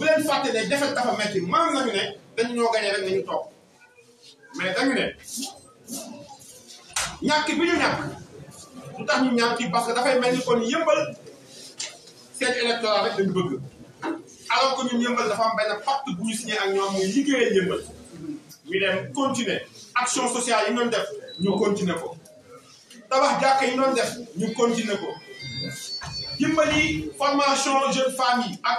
bu leen fàtte ne defet dafa metti man nañu ne dañu ñoo gañe rek ñu toog mais dañu ne ñàkk bi ñu ñàkk lu tax ñu ñàkk parce que dafay mel ni ko kon yëmbal seen électorat rek dañu bëgg alors ko ñu yëmbal dafa am benn pacte bu ñu ak ñoom muy liggéeyee yëmbal ñu dem continuer action sociale yi noonu def ñu continuer ko tabax jàkka ñu noonu def ñu continuer ko dimbali formation jeune femme ak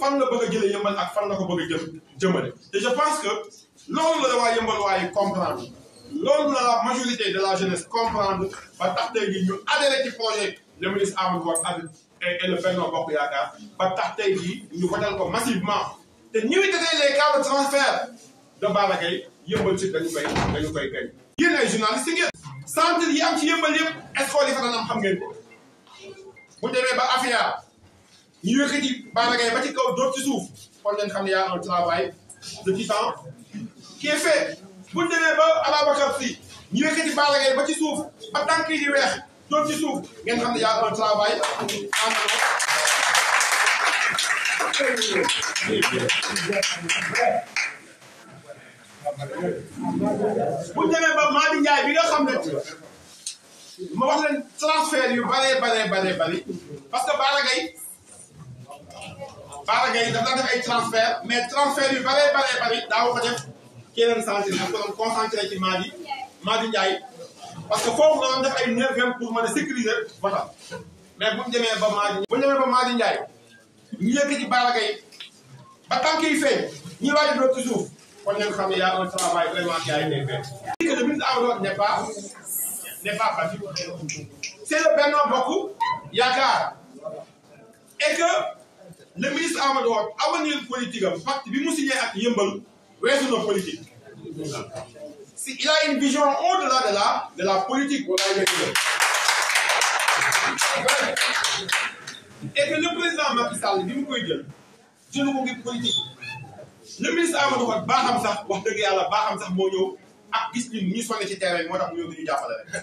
fan la bëgg a jëlee yëmbal ak fan la ko bëgg a jëm jëmale te je pense que loolu la waa yëmbal waaye comprendre loolu la la majorité de la jeunesse comprendre ba tax tey jii ñu adhéré ci projet le ministre Amadou Ba ak et le Benno Bokk Yaakaar ba tax tey jii ñu votal ko massivement te ñuy détaillé les cas de transfert de Balagay Gaye yëmbal ci dañu koy dañu koy gañ. yéen ay journaliste ngeen. centre yi am ci yëmbal yëpp escrocs yi fa xam ngeen ko bu demee ba Afia. ñu yëkkati Balla Gaye ba ci kaw dóor ci suuf kon ngeen xam ne yaa am travail de titan qui est fait bu ñu demee ba Ababacar Sy ñu yëkkati Balla Gaye ba ci suuf ba tànk yi di weex dóor ci suuf ngeen xam ne yaa am travail bu ñu demee ba Madi Ndiaye bi nga xam ne ma wax leen yu bare bare bare bare parce que Balla Balla Gaye daf daan def ay transfert mais transfert yu bare bare bari daaw ko def keneen santé daf ko doon concentré ci Madi Madi Ndiaye parce que foofu nga doon def ay neuvième pour mën a sécuriser ba mais bu ñu demee ba Madi bu ñu demee ba Madi Ndiaye ñu yëkk ci Balla Gaye ba tànk yi feeñ ñu waaj a doon ci kon ngeen xam ne y a un travail vraiment qui a été fait. que le ministre Amadou n'est pas n'est pas parti c'est le Benno Bokk Yaakaar et que le ministre Amadou Hott avenir politique am bi mu signé ak yëmbal weesu na politique si il a une vision au-delà de la de la politique walaay et que le président Macky Sall bi mu koy jël jëlu ko ngir politique le ministre Amadou Hott baxam sax wax deug yalla baxam sax mo ñëw ak gis ñun ñu sonné ci terrain motax tax mu ñu jappalé rek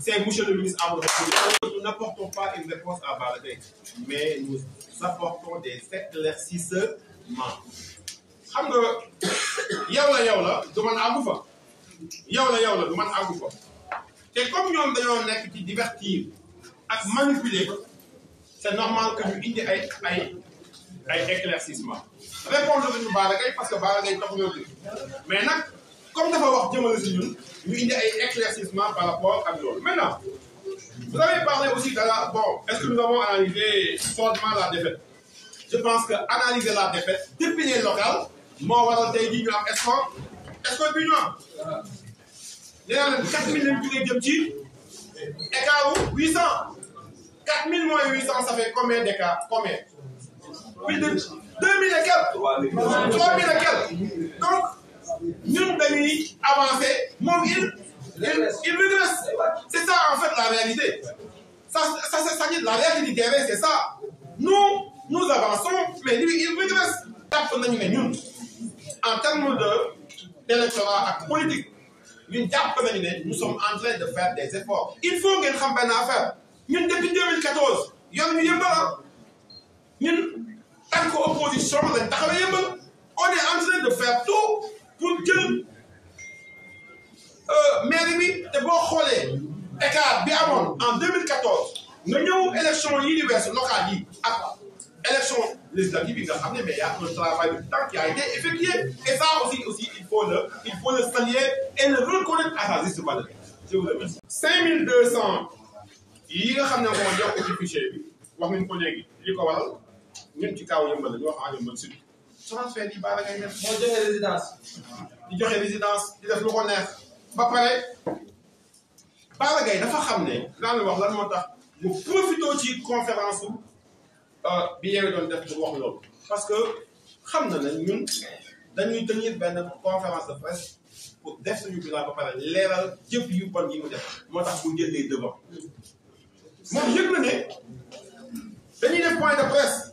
C'est Monsieur le ministre Nous n'apportons pas une réponse à Baradec, mais nous apportons des éclaircissements. xam nga yow la yow la du man Vous, fa yow la divertir c'est normal que nous ayons des éclaircissements. Répondez-nous, répondre parce que Bara est un peu mais Maintenant, comme nous avons dit, il y a un éclaircissement par rapport à l'eau Maintenant, vous avez parlé aussi de là, bon, est-ce que nous avons analysé fortement la défaite Je pense qu'analyser la défaite, définir le local, moi, on va aller à est-ce qu'on est plus loin 4 000 kg de petit, et qu'à où 800. 4 000 moins 800, ça fait combien de cas Combien 2 000 et quelques 3 000 et quelques nous, dañuy avancer moom il il régresse c'est ça en fait la réalité ça ça c'est la réalité du c'est ça nous nous avançons mais lui il régresse reste. en termes de d'électorat politique nous sommes en train de faire des efforts il faut ngeen campagne benn affaire nous, depuis 2014 nous ñu a ñun tant que opposition tant qu'opposition, on est en train de faire tout pour jël euh, mairie bi de boo xoolee Et bi amoon en 2014 nga ñëw élection yi di weesu locale yi ak élection législative bi nga y' a un travail de temps qui a été effectué et ça aussi aussi il faut le il faut le saluer et le reconnaître à sa juste valeur je vous remercie. 5200 yi nga xam ne moom jox ko ci fichier bi wax nañu ko léegi li ko waral ñun ci kaw Yeumbeul la ñu wax en Yeumbeul Sud transfert yi la ngay résidence. di joxe résidence di def lu ko neex. ba dafa wax lan conférence euh, bi doon def wax parce que xam na ñun dañuy tenir conférence de presse pour def suñu ba yu yi mu def devant yëg na ne dañuy def point de presse.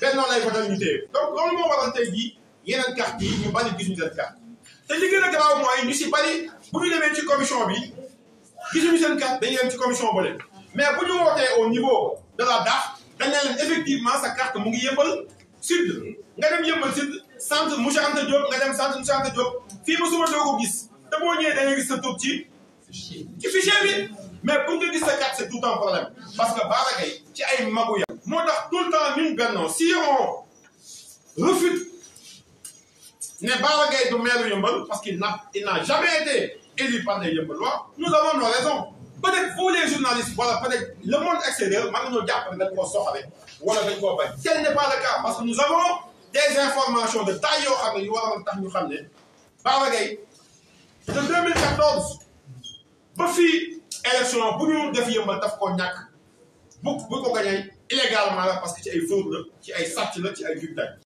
bennoo lay votal donc waral ñu carte te a ñu si bari bu ñu demee ci commission bi gisuñu seen carte dañu dem ci commission bële mais bu ñu au niveau de la DAF dañ a effectivement sa carte ngi sud nga dem sud centre centre Diop suma ko gis gis sa ci mais c'est tout un problème parce que moo tout le temps nous gagnons. si on refute ne Balla Gaye du maire parce qu'il n'a il n'a jamais été élu par les Yeumbeullois nous avons nos raisons peut-être vous les journalistes voilà peut-être le monde extérieur man nañoo jàpp ne dañ koo soxale wala dañ koo bañ tel n'est pas le cas parce que nous avons des informations de taille yoo xam ne yu waroon tax ñu de 2014 depuis élection bu ñu def Yeumbeul daf ko ñak bu ko gagner illégalement parce que porque ay fraude la ci ay sàcc la ci ay jubdaaj